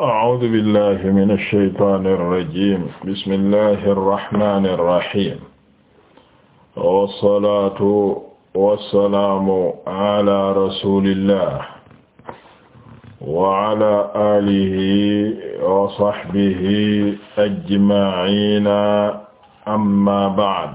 أعوذ بالله من الشيطان الرجيم بسم الله الرحمن الرحيم والصلاة والسلام على رسول الله وعلى آله وصحبه أجمعين أما بعد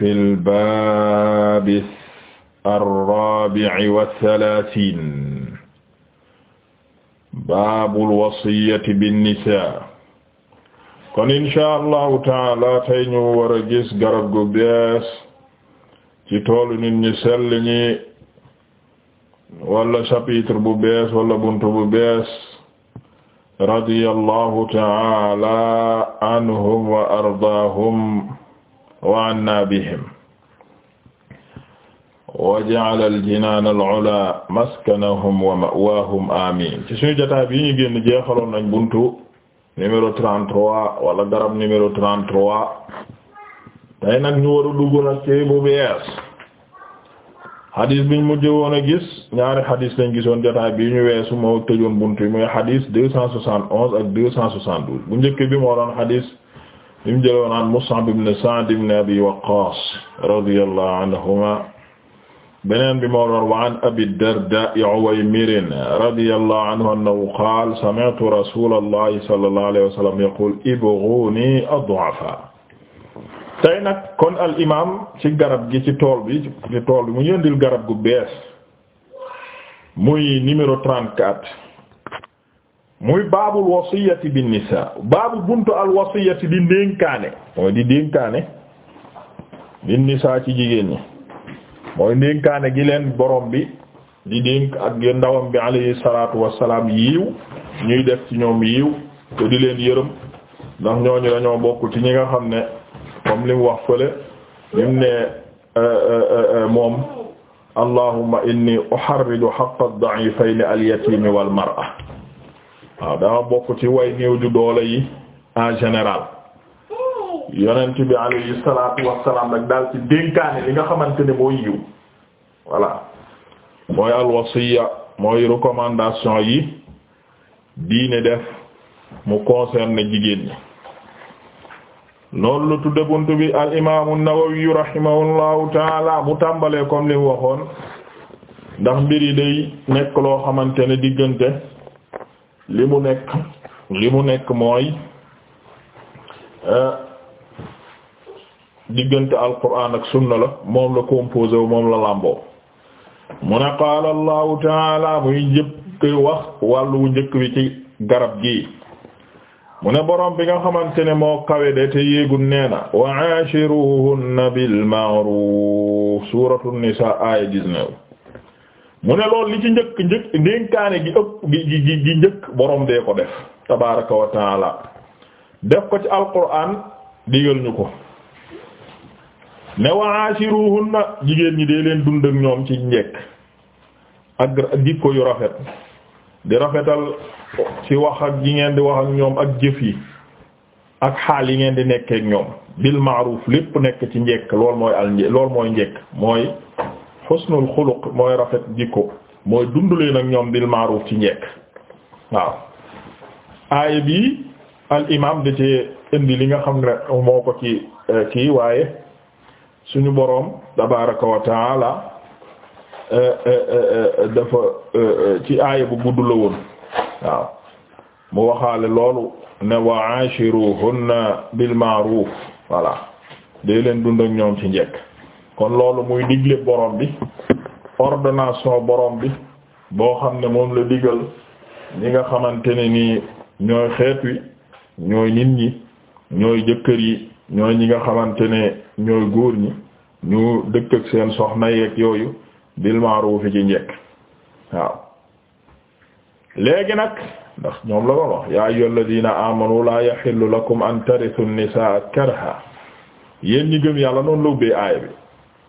fi lbaabi arraabi'i wathalaathiin baabul wasiyyati binnisaa kon inshaa allahu taala tey ñu war a gis garab gu bees ci toolu nit ñi sell ñi wala chapitre bu bees wala bunt bu bees radiyallahu taala anhum wa ardaahum wa anna bihim wa ja'ala al-jinaan al-'ulaa maskanahum wa ma'waahum amiin ci suñu jataa bi ñu génn jeexaloon nañ buntu numéro 33 wala garab numéro 33 tey nag ñu war a dugg nag ci bu bees xadis biñ mujj woon a gis ñaari xadis lañ gisoon jotaay bi ñu weesu moo tëjoon buntu yi muy xadis 271 ak 272 bu njëkk bi moo doon xadis li mu jëloon an Mus'ab ibn Sa'd ibn Abi Waqqas radiyallahu anhuma beneen bi moo doon wa an Abi Darda Uwaymir radiyallahu anhu annahu qaala sami'tu rasulallahi sallallahu alayhi wa sallam yaqul ibghuni ad'afa tey nag kon al imam ci garab gi ci tool bi ci tool bi mu yëndil garab gu bees muy numéro 34 muy baabul wasiyati bin nisaa baabu buntu al wasiyati di ndénkaane mooy di dénkaane bin nisaa ci jigéen ñi mooy ndénkaane gi leen borom bi di dénk ak ndawam bi alayhi salaatu wassalaam yiiw ñuy def ci ñoom yiiw te di leen yërëm ndax ñooñu dañoo bokk ci ñi nga xam ne comme li mu wax fële lim ne euh, euh, euh, moom allahumma inni uharriju haqqa ad-da'ifayn al-yatimi wal mar'a waaw dama bokk ci way néew di doole yi en général yonent bi alayhi salaatu wassalaam nag daal ci dénkaane li nga xamante ne mooy yiw voilà mooy alwasiya mooy recommandation yi diine def mu concerne jigéen ñi loolu lu tudd buntu bi al imaamu Nawawi rahimahullahu taala mu tàmbalee comme li waxoon ndax mbir yi nekk loo xamante ne diggante li mu nekk li mu nekk mooy euh, diggante alquran ak sunna la moom la composé wu moom la làmboo mu ne qaala allahu taala muy njëkk wax wàllu njëkk bi ci garab gi mu ne boroom bi nga xamante ne moo kawe de te yéegul nee na wa aashiruhunna bil ma'ruf suratu nisa aya 19 mu ne loolu li ci njëkk njëkk ndénkaane gi ëpp gi gi gi njëkk borom dee ko def tabaraka wa taala def ko ci alquran digal ñu ko ne wa ashiruhunna jigéen ñi dee leen dund ak ñoom ci njekk ak jikko yu rafet di rafetal ci wax ak yi ngeen di wax ak ñoom ak jëf yi ak xaal yi ngeen di nekkeek ñoom bil ma'ruf lépp nekk ci njekk lool mooy al lool mooy njekk mooy xusnul xuluq mooy rafet jikko mooy dundulee nag ñoom bil ma'ruf ci njekk waaw aaya bi al imam da ci indi li nga xam ne moo ko ci eh, kii waaye suñu boroom tabaraka wa taala eh, eh, ci aaya bu gudd la woon waaw mu waxaale loolu ne wa ashiruhunna bil ma'ruf voilà day leen dund ak ñoom ci njekk kon loolu muy digle borom bi ordination boroom bi boo xam ne moom la digal ñi nga xamante ne nii ñooy xeet wi ñooy nit ñi ñooy jëkkër yi ñooy ñi nga xamante ne ñooy góor ñi ñu dëkk ak seen soxna yeeg yooyu bil ma'ruf ci njekk waaw léegi nag ndax ñoom la doon wax yaa ayyuhal ladina amanu la yahillu lakum an tarithu an yéen ñi gëm yàlla noonu la ubbee bi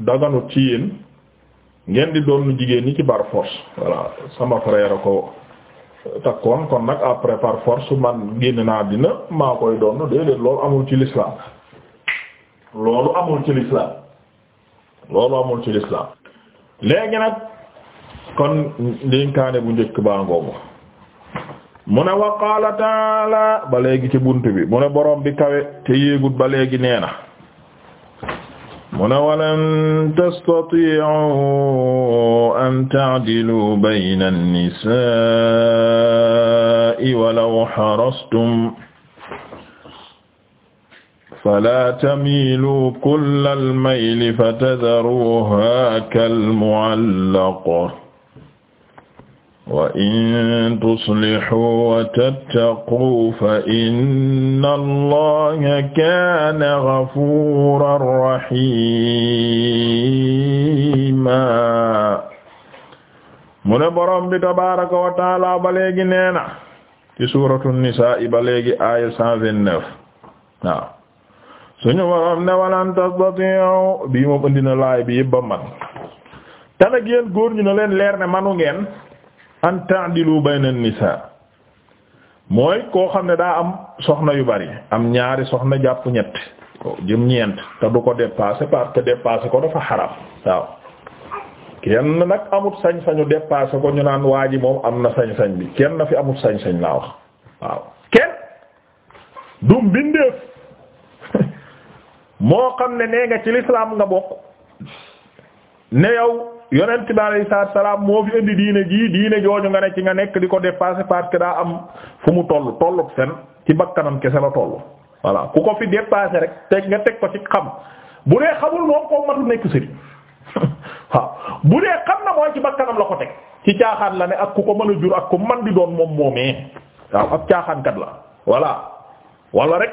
daganut ci yéen ngeen di doon jigéen ñi ci par force voilà sama frère ko takkoon kon nag après par su man génn naa dina maa koy doon déedéet loolu amul ci l'islam loolu amul ci l'islam loolu amul ci l'islam léegi nag kon ndénkaane bu njëkk baa ngoogu mu ne wa qaala ba léegi ci bunt bi mu ne borom bi kawe te yéegut ba léegi nee na mu ne walan tastati'u an ta'dilu bayna an-nisa'i walaw harastum fala tamilu kullal mayli fatadharuha kal mu'allaq wa in tuslihu wa tattaqu fa inna allaha kaana gafuuran rahiima mu ne borom bi tabaaraka wa taala ba léegi nee na ci suuratu nisaa'i ba léegi aaya cent vingt-neuf waaw suñu borom ne walan tastatii'u bii moom indi na laay bi yëpp ba man te nag yéen góor ñu ne leen leer ne manu ngeen an ta'dilu bayna an-nisa mooy koo xam ne daa am soxna yu bari am ñaari soxna jàpp ñett ko jëm ñeent te du ko dépasser parce que dépasser ko dafa xaram waaw kenn nag amut sañ-sañu dépasser ko ñu naan waa ji moom am na sañ-sañ bi kenn na fi amut sañ-sañ laa wax waaw kenn du mbindeef moo xam ne nee nga ci lislaam nga bokk ne yow yonent bi alayhi salaam moo fi indi diine jii diine jooju nga ne ci nga nekk di ko dépasser parce que daa am fu mu toll tollu fen ci bakkanam kese la toll voilà ku ko fi dépasser rek teg nga teg ko ci xam bu dee xamul moom koo matu nekk sëriñ waaw bu dee xam na mooy ci bakkanam la ko teg ci caaxaan la ne ak ku ko mën a jur ak ku man di doon moom moomee waaw ab caaxaankat la voilà wala rek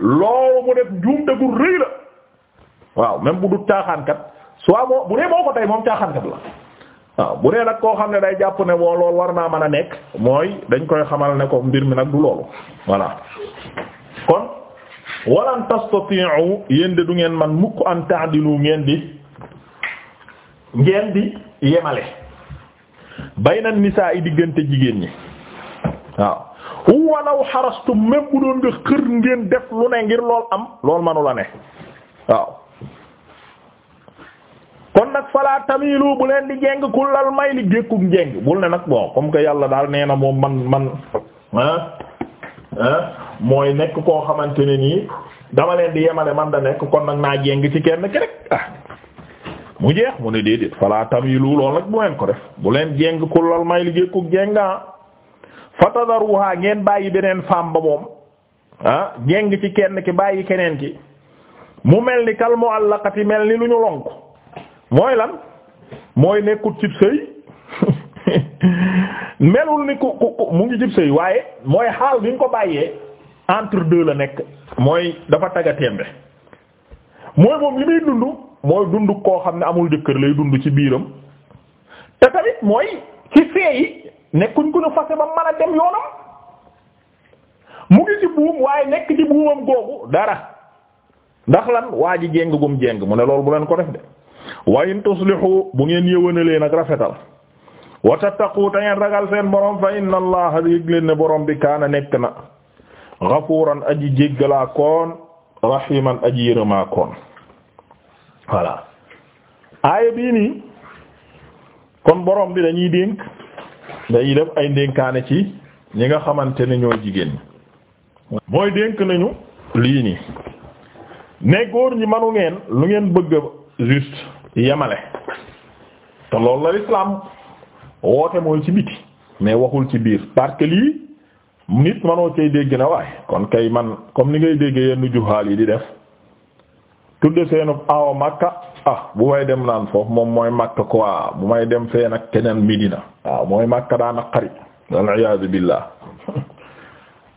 loolu mu def njuumte bu rëy la waaw même bu du caaxaankat soit moo bu dee moo ko tey moom caaxaankat la waaw bu dee nag koo xam ne day jàpp ne boo loolu war naa mën a nekk mooy dañ koy xamal ne ko mbir mi nag du loolu voilà kon walan tastati'u yéen de du ngeen man mukk an ngeen di ngeen di yemale bayna nisaa yi diggante jigéen ñi waaw walaw xarastum même bu doon nga xër ngeen def lu ne ngir lool am lool manu la ne waaw kon nag falaa tamilu bu leen di jeng kullal may li gékkug jeng bul ne nag bon comme que yàlla daal nee na moom man man ah mooy nekk koo xamante ne nii dama leen di yemale man da nekk kon nag naa jeng ci kenn ki rek ah mu jeex mu ne déedéet falaa tamilu lool nag bu leen ko def bu leen jeng kullal may li gékkug jeng ah fatadaruha ngeen bàyyi beneen femme ba moom ah jeng ci kenn ki bàyyi keneen ki mu mel ni kal mu'allaqati mel ni lu ñu lonk mooy lan mooy nekkul cib sëy melul ni ku ku mu ngi cib sëy waaye mooy xaal bi ko bàyyee entre deux la nekk mooy dafa tagga tembe mooy moom li muy dund mooy dund koo xam ne amul jëkkër lay dund ci biiram te tamit mooy ci feeyi nekkuñ ku ñu fase ba mën a dem yoonam mu ngi ci buum waaye nekk ci buumam googu dara ndax lan waa ji jéng gum jéng mu ne loolu bu leen ko def de wa in bu ngeen yëwanalee nag rafetal wa tattaqu te ngeen ragal seen borom fa inna allaha yëg leen ne borom bi kaana nekk na ghafuran aji jéggalaa koon rahiman aji yërëmaa koon voilà aaya bii nii kon borom bi dañuy dénk dañuy def ay dénkaane ci ñi nga xamante ne ñooy jigéen mooy dénk nañu lii nii ne góor ñi manu ngeen lu ngeen bëgg juste yemale te loolu la lislaam woote mooy ci biti mais waxul ci biir park que lii nit manoo cay dégg na waaye kon kay man comme li ngay déggee yenn juhaal yi di def tudde seenu awa makka ah bu may dem naan foofu moom mooy makka quoi bu may dem fee nag keneen midina waaw mooy makka daana xari wal iyaazu billaah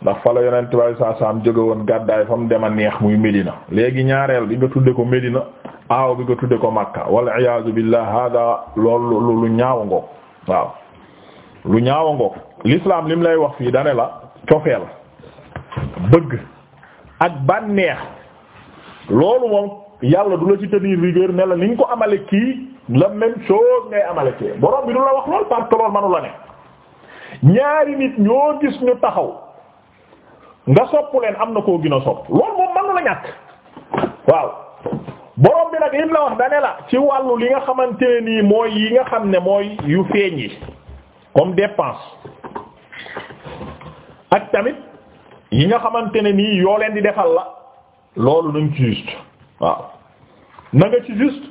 ndax fa la yonent bi saa saam jóge woon gàddaay fa mu dem a neex muy Medina léegi ñaareel bi nga tudde ko Medina aaw bi nga tudde ko Makka wal iyaazu billah hada loolu lu ñaawa ngoog waaw lu ñaawa ngoog l'islam lim lay wax fii dane la cofeel bëgg ak bànneex loolu moom yàlla du la ci tenir rigueur ne la ni nga ko amale kii la même chose ngay amale kii borom bi du la wax lool parce loolu manu la ne ñaari nit ñoo gis ñu taxaw nga sopp leen am na koo gën a sopp loolu moom manu la ñàkk waaw borom bi nag lim la wax dane la ci wàllu li nga xamante nii mooy yi nga xam ne mooy yu feeñ yi comme dépense ak tamit yi nga xamante ne nii yoo leen di defal la loolu nañ ci juste waaw na nga ci juste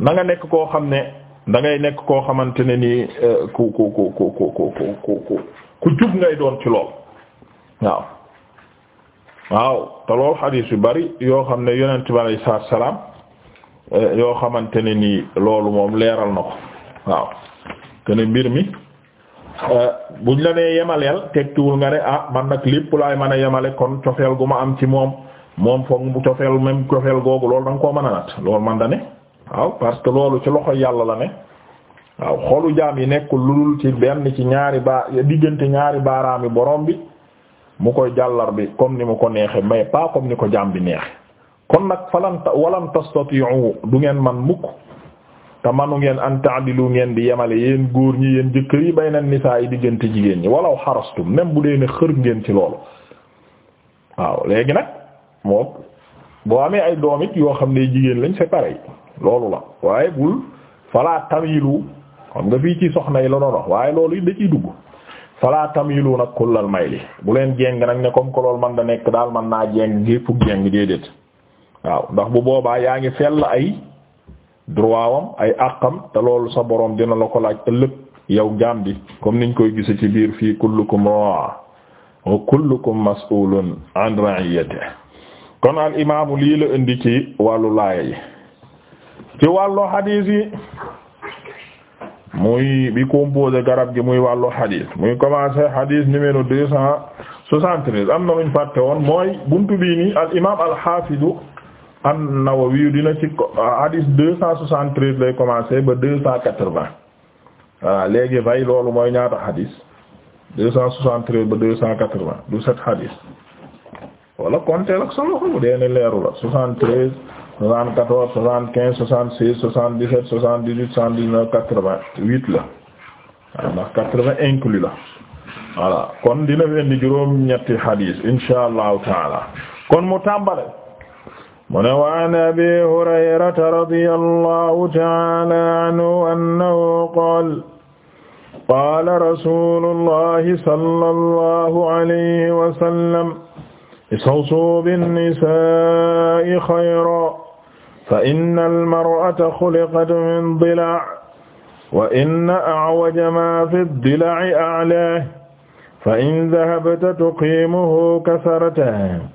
na nekk koo xam ne da nekk koo xamante ne nii euh, ku ku ku ku ku ku ku ku jub ngay doon ci lool waaw waaw te loolu xadiis yu bari yoo xam ne yonent bi alayhi salaatu salaam eh, yoo xamante ne nii loolu moom leeral na ko waaw kene mbir mi eh, buñ la nee yemaleel tekkiwul nga ne a ah, man nag lépp laay mën a yemale kon cofeel gu ma am ci moom moom foog mu cofeel même cofeel googu loolu da nga koo mën a nat loolu man da ne waaw parce que loolu ci loxo yàlla la ne waaw xolu jaam yi nekkul lu dul ci benn ci ñaari diggante ñaari baaraami boroom bi mu koy jàllar bi comme ni mu ko neexe may pas comme ni ko jaam bi neexe kon nag falan walam tastati'u du ngeen man mukk te manu ngeen an ta'dilu ngeen di yemale yéen góor ñi yéen jëkkër yi bay bayna nisaa yi diggante jigéen ñi walaw xarastum même bu dee ne xër ngeen ci loolu waaw léegi nag moo boo amee ay doom it yoo xam ne jigéen lañ c'est pareil loolu la waaye bul falaa tamilu xam nga fii ci soxna yi la doon waaye loolu it da ciy dugg fala tamiluuna kullal mayli bu leen jéng nag ne comme que loolu man da nekk daal man naa jéng gépp jéng déedéet waaw ndax bu boobaa yaa ngi fell ay droit wam ay àqam te loolu sa boroom dina la ko laaj ëllëg yow jaam bi comme niñ koy gise ci biir fii kullukum raa'in wa kullukum mas'uulun an kon al imaamu lii la indi ci wàllu laaya yi ci wàllu hadiis yi muy bi composé garab gi muy wàllu xadis muy commencé xadis numéro deux cent soixante-treize am na luñ fàtte woon mooy buntu bii nii al imaam al xaafidu na nawawi dina ci xadis deux cent lay commencé ba deux cent quatre-vingts voilà léegi fay loolu mooy ñaata xadis deux cent soixante-treize ba deux cent quatre-vingts du sept xadis wala compter ak sa loxo bu dee leeru la soixante-treize 74 75 76 77 78 79 88 la waaw ah, ndax 80 inclus la voilà kon dina indi juróom-ñetti hadith insha allahu taala kon mu tàmbale mu ne wa an abi hurayrata radiyallahu taala anhu annahu qaala qaala rasuulullahi sallallahu alayhi wa sallam istawsuu bin nisaa'i xayran fa inna almar'ata xuliqat min dilaa wa inna a'waja maa fi dilaa'i a'laahu fa in dahabta tuqiimuhu kasartahu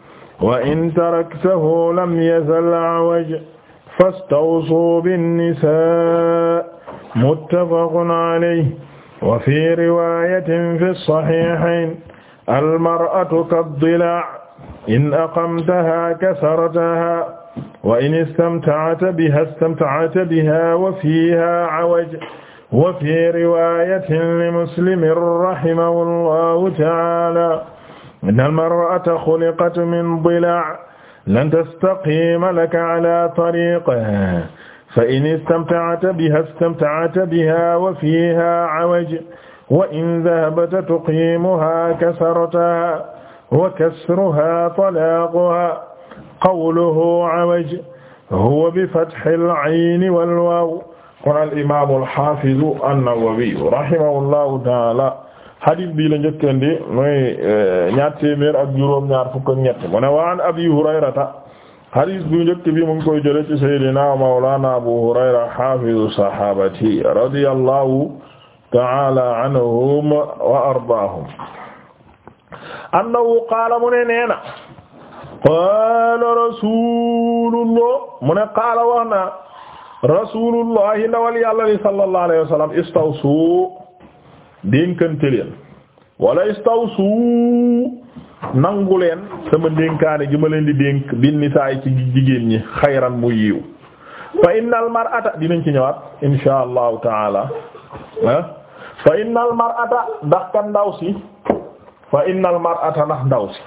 wa in taraktahu lam yazal a'waj fastawsuu binnisaa muttafaqun alayhi wa fi riwaayatin fi saxiixayn almar'atu kadilaa in aqamtahaa kasartahaa wa in istamta'ta biha istamta'ta biha wa fiha 'awaj wa fi riwayatin li muslimin rahimahullahu ta'ala inna al-mar'ata khuliqat min dila' lan tastaqima laka 'ala tariqiha fa in istamta'ta biha istamta'ta biha wa fiha 'awaj wa in dhahabta tuqimuha kasartaha wa kasruha talaquha qawluhu awaj huwa bi fathil ayni wal waaw kon al imaamu al haafizu an-Nawawi rahimahullahu taala hadis bi la njëkkandi mooy eh, ñaar téeméer ak juróom ñaar fukk ak ñett mu ne waan abi hurayrata hadis bu njëkk bi mu ngi koy jële ci sayyidina mawlana abu hurayra haafizu sahaabati radiyallahu taala anhum wa ardaahum annahu qaala mu ne neena qaala rasulullah mu ne qaala wax na rasulullah ndawal yàlla li sallallahu alayhi wa sallam istawsu dénkante leen wala istawsu nangu leen sama dénkaane gi ma leen di dénk bin nisaay ci jigéen ñi xayran mu yiw fa innal mar'ata dinañ ci ñëwaat insha allahu taala ah fa innal mar'ata ndax kan ndaw si fa innal mar'ata ndax ndaw si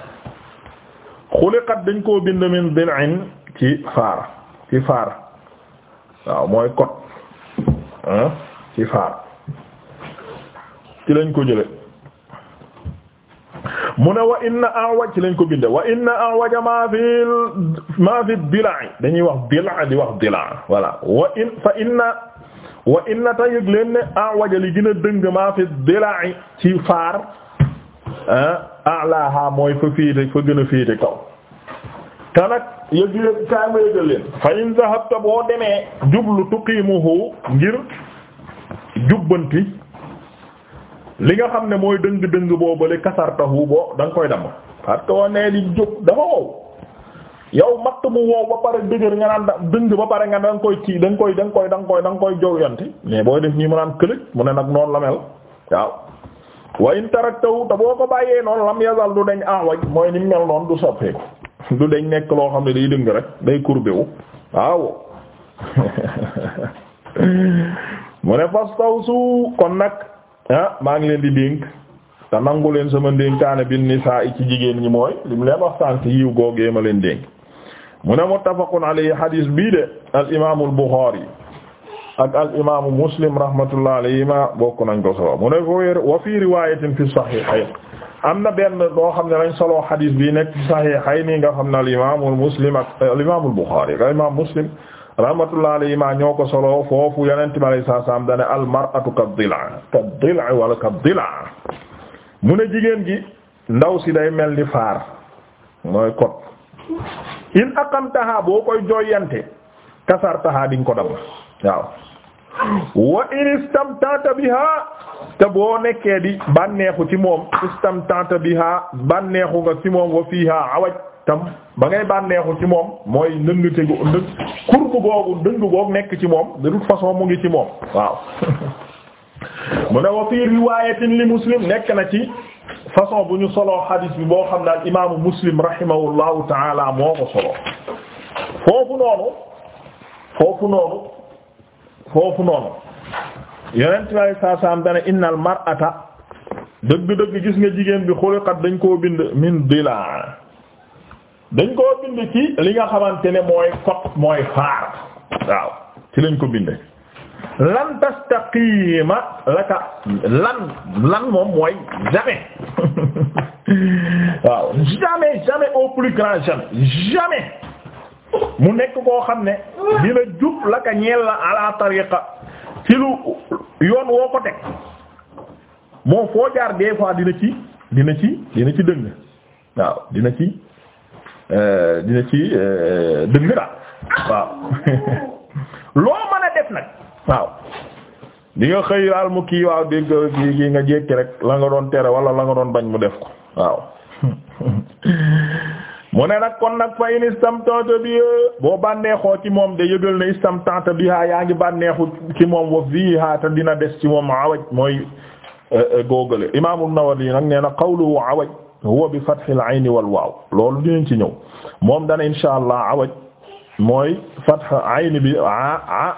xuliqat dañ koo bind min dil'in ci faar ci faar waaw mooy kot ci faar ci lañ ko jële mu ne wa inna a'waj ci lañ ko bind wa inna a'waj ma fi ma fi dil'i dañuy wax dil'a di wax dil'a voilà wa in fa inna ta yëg leen ne a'waj li gën a dëng ma fi dil'i ci faar ah a'laha mooy fa féete fa gën a féete kaw te nag yëg-yëg kaay ma yëgal leen fa in zahabta boo demee jublu tuqimuhu ngir jubbanti li nga xam ne mooy dëng-dëng boobale kasartahu boo da nga koy damm parce que woo dafa wow yow matt ba pare dëgër nga naan dëng ba pare nga da nga koy ci da koy da nga koy danga koy da nga koy jowyante mais booy def nii mu naan këlëj mu ne nag noonu la mel waaw wa in taraktahu boo ko bàyyee noon lam yazal du dañ awaj ah, mooy ni mel noonu du soppeeku du dañ nekk loo xam ne day dëng rek day courbé wu waaw mu ne fastawsu kon nag ah maa ngi leen di dénk te nangu leen sama ndénkaane bin nisaa yi ci jigéen ñi mooy li mu leen wax yiw googee ma leen dénk mu ne muttafaqun alayhi hadis bii de al imaamu al buxaari ak al imaamu muslim rahmatullah alayhima bokk nañ ko solo mu ne wa fi riwaayatin fi saxiixayn am na benn boo xam ne dañ solo xadis bi nekk Sahihayni nga xam ne al imaamul muslim ak eh, buxaari ak imaam muslim rahmatullah alayhima ñoo ko solo foofu yeneen i malay saa saam da ne al mar'atu ka dil'a ka wala ka dil'a mu ne jigéen gi ndaw si day mel ni faar mooy kot in aqamtaha boo koy jooyante kasartaha diñ ko dam waaw. wa in istamta'ta biha te boo nekkee di bànneexu ci moom istamta'ta biha bànneexu nga ci moom wa fiha awaj tam ba ngay bànneexu ci moom mooy ndëngte gu ndëng kurbu googu ndëng nekk ci moom de toute façon mu ngi ci moom waaw mu ne wa fii riwaayatin li muslim nekk na ci façon bu ñu soloo xadiis bi boo xam ne al imaamu muslim rahimahullahu taala moo ko soloo foofu noonu foofu noonu foofu noonu yonent bi alayhi salaatu salaam dana innal mar'ata dëgg-dëgg gis nga jigéen bi xuliqat dañ koo bind min dilaa dañ koo bind ci li nga xamante ne mooy kot mooy faar waaw ci lañ ko binde lan tastaqima laka lan lan moom mooy jamais waaw jamais jamais au plus grand jamais jamais mu nekk koo xam ne dina jub la ka ñeel la ala tariqa ci lu yoon woo ko teg moom foo jaar des fois dina ci dina ci dina ci dëng waaw dina ci euh, dina ci euh, dëng daal waaw loo mën a def nag waaw di nga xëy daal mu kii waaw dégg kii nga jékki rek la nga doon tere wala la nga doon bañ mu def ko waaw mu ne nag kon nag fa in istamta'ta bi boo bànneexoo ci moom de yëgal ne istamta'ta biha yaa ngi bànneexu ci moom wa fiha te dina des ci moom awaj mooy euh, euh, góogale Imaam An-Nawawi nag nee na qawluhu awaj huwa bi fathil ayni wal waaw loolu dinañ ci ñëw moom dana insha allah awaj mooy fath ayni bi a a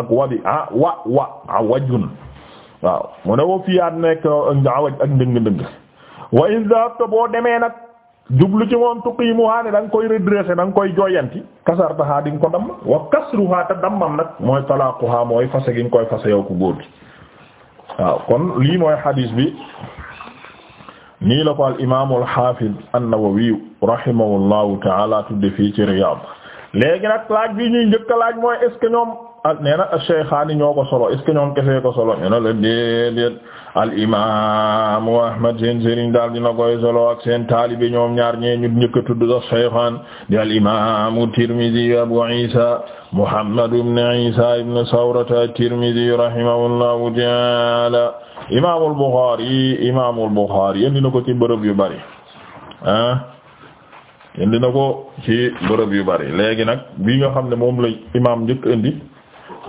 ak wa bi a wa wa awajun waaw mu ne wa fiha nekk awaj ak ndëng ndëng wa in dhahabta boo demee nag jublu ci moom tuqiimuhaa ne da nga koy redresser da nga koy joyanti kasartahaa di nga ko damm wa kasruhaa te dammam nag mooy talaaquhaa mooy fase gi nga koy fase yow ku góor gi kon lii mooy hadis bi nii la ko al imaamu al haafid an-Nawawi rahimahullahu ta'ala tudde fii ci Riyaad léegi nag laaj bi ñuy njëkk laaj mooy est ñoom nee na Shaykhaani ñoo ko solo est-ce que ñoom kese solo ñu ne al imaamu Ahmad seen sëriñ daal dina koy solo ak seen taalibe ñoom ñaar ñee ñu njëkk a tudd sax Shaykhaan di al imaamu Tirmidhi Abu Isa Muhammad ibn Isa ibn Sawrata Tirmidhi rahimahullahu ta'ala imaamul Bukhari imaamul Bukhari indi na ko ci bërëb yu bari ah. ko ci bërëb yu bari léegi nag bii ñoo xam ne moom la imaam njëkk indi.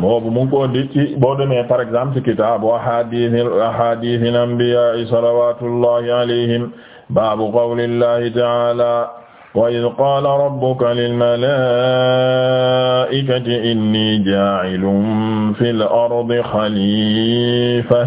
moobu mu ngi ko indi ci boo demee par exemple ci kitaabu ahadith ahadith al-anbiya salawatullahi alayhim baabu qawlillahi ta'ala wa idh qaala rabbuka lil malaa'ikati inni jaa'ilun fil ardi khalifa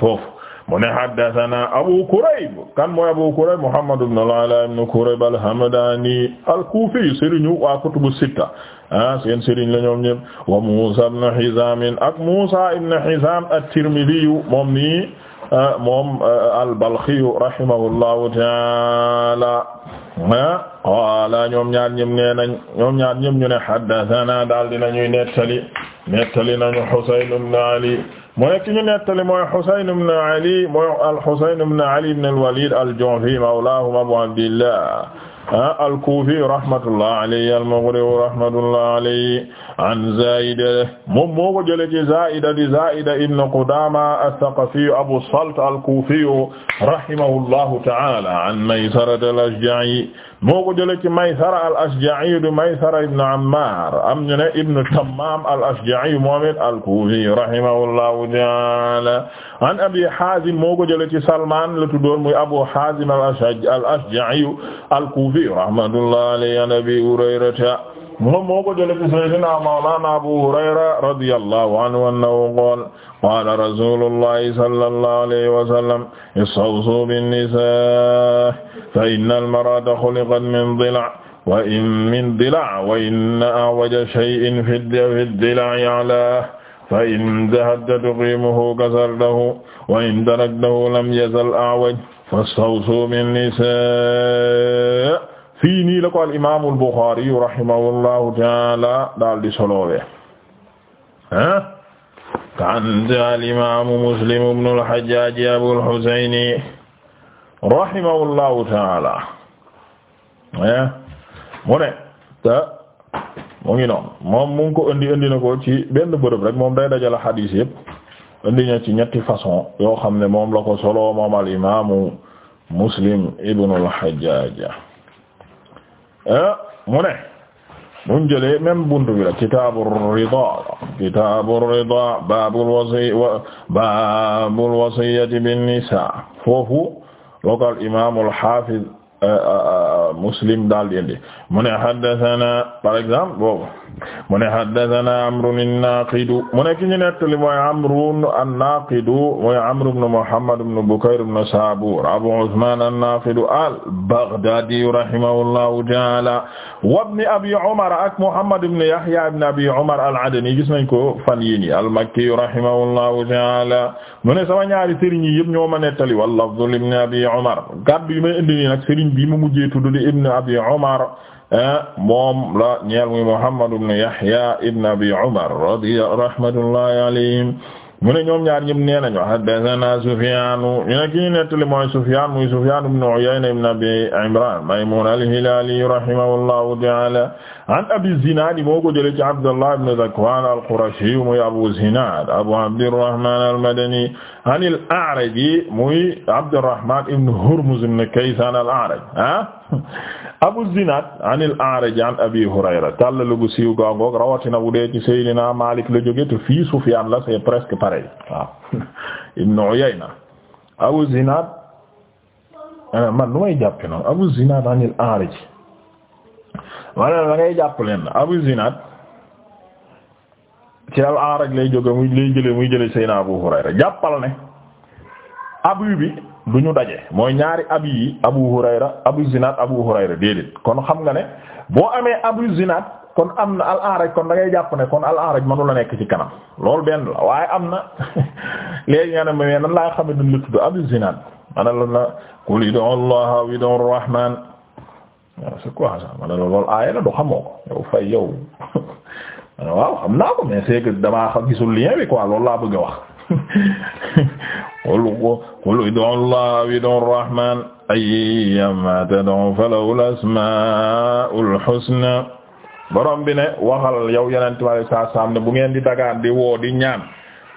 foofu mu ne haddathana Abu Kurayb kan mooy Abu Kurayb Muhammad ibn al-Ala ibn Kurayb al-Hamdani al-Kufi sëriñu waa kutubu sitta ah seen sëriñ la ñoom ñëpp wa Musa ibn Hizam ak Musa ibn Hizam at-Tirmidhi moom nii ah, moom ah, al-Balkhi rahimahullahu ta'ala ah, qaala ñoom ñaar ñëm nee nañ ñoom ñaar ñëm ñu ne haddathana daal dinañuy nettali nettali nañu Husayn ibn Ali mu ne ki ñu nettali mooy Husayn ibn Ali mooy al-Husayn ibn Ali ibn al-Walid al-Ju'fi mawlahum Abu Abdillah ah, al-Kufi rahmatullah alayhi al-Mughri rahmatullah alayhi an Zaida moom moo ko jëlee ci Zaida di Zaida ibn Qudama ath-Thaqafi Abu Salt al-Kufi rahimahullahu ta'ala an Maysara al-Ashja'i moo ko jëlee ci Maysara al-Ashja'i du Maysara ibn Ammar am ñu ne ibn Tammam al-Ashja'i moom it al-Kufi rahimahullahu ta'ala an Abi Hazim moo ko jëlee ci Salman la tuddoon muy Abu Hazim al-Ashja'i al-Kufi rahmatullahi alayhi an Abi Hurayrata moom moo ko jëlee ci sayyidina mawlana Abu Hurayra radiyallahu anhu annahu qaala qaala rasuulullahi sallallahu alayhi wa sallam istawsuu bin-nisaa fa inna al-mar'ata xuliqat min dila' wa in min dila' wa inna a'waja shay'in fi d-dila' a'laahu fa in zahabta tuqiimuhu kasartahu wa in taraktahu lam yazal a'waj fastawsuu bin-nisaa fii nii la ko al imaamul Buxaari rahimahullahu taala daal di solowee ah kan al imaamu Muslim ibnul Hajjaaj Abul Husayni rahimahullahu taala ah mu ne te mu ngi noonu moom mu ngi ko indi indi na ko ci benn bërëb rek moom day dajale xadiis yëpp indi na ci ñetti façon yoo xam ne moom la ko solo moom al imaamu Muslim ibnul Hajjaaj Eh, mu ne mun jëlee même buntu bi la kitaabur ridaa kitaabur ridaa baabul wasi baabul wasiyati bin nisaa foofu lokal imaamul haafiz eh, eh, muslim daal di indi mu ne haddathana par exemple boobu mu ne haddathana amrun an-naqidu mu ne ki ñu nettali mooy amrun an-naqidu mooy amru ibn muhammad ibn bukayr ibn sabur abu usman an-naqidu al-baghdadi rahimahullahu ta'ala wa ibn abi umar ak muhammad ibn yahya ibn abi umar al-adani gis nañ ko fan yi ni al-makki rahimahullahu ta'ala mu ne sama ñaari sëriñ yi yëpp ñoo ma nettali wal lafdhu li ibn abi umar gàddu yi may indi nii nag sëriñ bi mu mujjee tudd di ibn abi umar Eh, moom la ñeel muy Muhammad ibn Yahya ibn Abi Umar radiya rahmatullahi alayhim mu ne ñoom ñaar ñëpp nee nañu haddathana Sufyan ñu ne ki ñu nettali mooy Sufyan muy Sufyan ibn Uyayna ibn Abi Imran Maymun al-Hilali rahimahullahu ta'ala an abi zinad moo ko jëlee ci abdallah ibn zakwan al-qurashi muy abu zinad abu abdirrahman al-madani an al-a'raj muy abdirrahman ibn hurmuz ibn kaysan al-a'raj ah abu zinad an al-a'raj an abi hurayra tàllale bu siiw gongoog rawatina bu dee ci seydina malik la jóge te fii sufyan la c'est presque pareil waaw ibn uyayna abu zinad eh, man nu may jàppe noonu abu zinad an al-a'raj wala la ngay jàpp leen Abu Zinad ci al A'raj lay jóge muy jële muy jële Seyna Abu Hurayra jàppal ne abu bi du ñu daje mooy ñaari abi yi Abu Hurayra Abu Zinad Abu Hurayra kon xam nga ne boo amee Abu Zinad kon am na al A'raj kon da ngay jàpp ne kon al A'raj mënu la nekk ci kanam lool benn la waaye am na léegi nga ne mais nan laa xamee duñ la tudd Abu Zinad ana la na qul id'u Allah wa id'u Rahman waaw c'est quoi ça ma ne la loolu aaya la du xamoo ko yow fay yow man waaw xam naa ko mais c'est que damaa xam gisul lien bi quoi loolu laa bëgg a wax qul qul ud'u Allah ud'u Rahman ayyama tad'u falahu al-asma'ul husna borom bi ne waxal yow yenente mi alei saat salaam ne bu ngeen di dagaan di woo di ñaan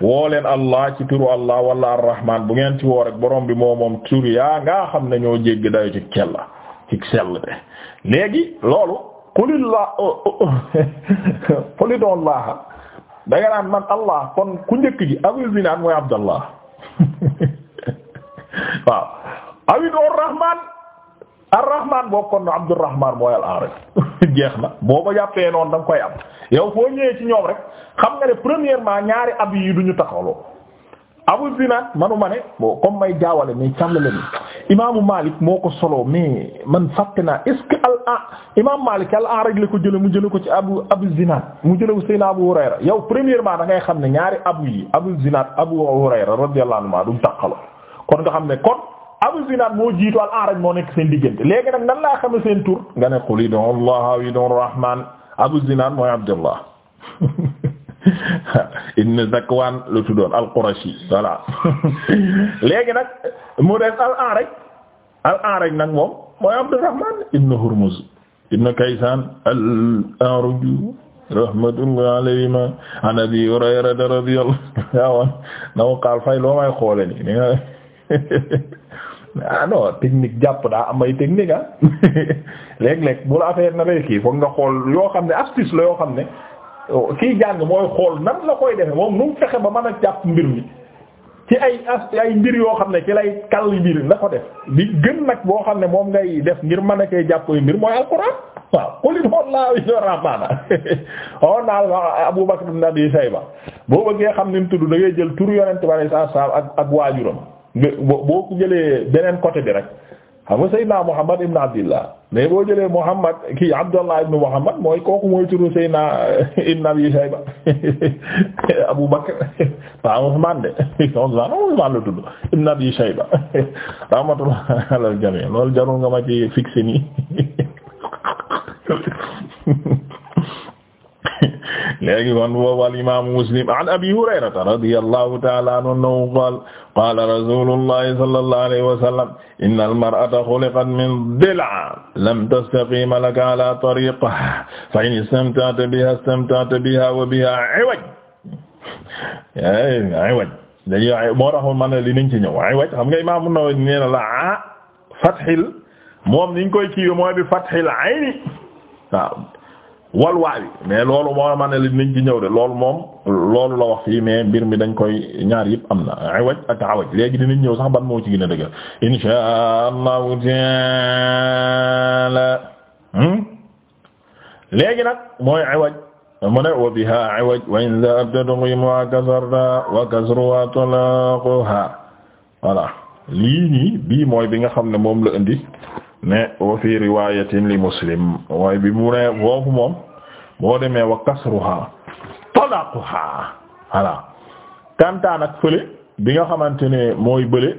woo leen allah ci turu allah wala arrahman bu ngeen ci woo rek borom bi moo moom tur yaa nga xam ne ñoo jégg dayo ci kella ci sell te léegi loolu qulillah qulillah da nga naan man allah kon ku njëkk ji abul zinaan mooy abdallah waaw awit arrahman arrahman boo kon abdurrahman mooy al arif jeex na boo ko jàppee noonu da koy am yow foo ñëwee ci ñoom rek xam nga ne premièrement ñaari ab yi duñu taxaw taxawloo Abu Zinad manu ne bon comme may jaawale mais càllale ni imaamu Malik moo ko solo mais man fàtte naa est ce que al ah imaamu Malik al ah la ko jële mu jële ko ci abu Abu Zinad mu jële ko Seydina Abu Hurayra yow premièrement da ngay xam ne ñaari abu yi Abu Zinad Abu Hurayra radiyallahu anhu du taqalo kon nga xam ne kon Abu Zinad moo jiitu al ah rek moo nekk seen diggante léegi nag nan laa xame seen tur nga ne qul id'u Allah aw id'u Rahman Abu ibn Zakwan la tuddoon al-Qurashi voilà léegi nag mu des al-A'raj al nag moom mooy Abdurrahman ibn Hurmuz ibn Kaysan al-A'raj rahmatullah alayhima an Abi Hurayra radiyallahu anhu naw qaal fay loo may xoole ni ni nga ah technique jàpp daa am ay technique ah léeg-léeg bu la affaire na rek kii foog nga xool yoo xam ne astuce la yoo xam ne kiy jàng mooy xool nan la koy defe moom nu mu fexe ba mën a jàpp mbir mi ci ay as ay mbir yoo xam ne ci lay kàll mbir na ko def bi gën nag boo xam ne moom ngay def ngir mën a koy jàpp mbir mooy alxuraan waaw xulin xool laa wi doo raxmaana xool oh, naa la Abu Bakr ibn Abi Shayba boo bëggee xam ni mu tudd da jël tur yonent bi sallallahu alayhi wasallam ak ak waajuram boo ko jëlee beneen côté bi rek xam nga Seydina Muhammad ibn Abdillah mais boo jëlee Muhammad kii Abdullah ibn Muhammad mooy kooku mooy turu Seydina ibn Abi Shayba Abu Bakr pa de Usman Usman la tudd ibn Abi Shayba rahmatullah alal jami loolu jarul nga ma ci fixé nii léegi kon boobu al imaamu muslim an abi hurayrata radiyallahu ta'ala anhu annahu qaala qaala rasulullahi sallallahu alayhi wa sallam inna al-mar'ata xuliqat min dil'a lam tastaqim laka ala tariqiha fa in istamta'ta biha istamta'ta biha wa biha 'iwaj iwaj dañuy moo taxoon man li niñ ci ñëw iwaj xam nga imaamu Nawawi nee na la ah, fathil moom niñ koy kii mooy bi fathil ayni waaw wal waawi mais loolu moo ma ne la niñ ci ñëw de loolu moom loolu la wax fii mais mbir mi dañ koy ñaar yëpp am na awaj ak awaj léegi dinañ ñëw sax ban moo ci gën a dëgg insha allahu taala hmm? léegi nag mooy awaj mu ne wa biha awaj wa in dhahabta tuqim wa kasarta wa kasruha talaquha voilà lii nii mooy bi nga xam ne moom la indi wa fi riwayatin li muslim waaye bi mu ne foofu moom boo demee wa kasruha talaquha voilà kantaan ak fële bi nga xamante ne mooy bële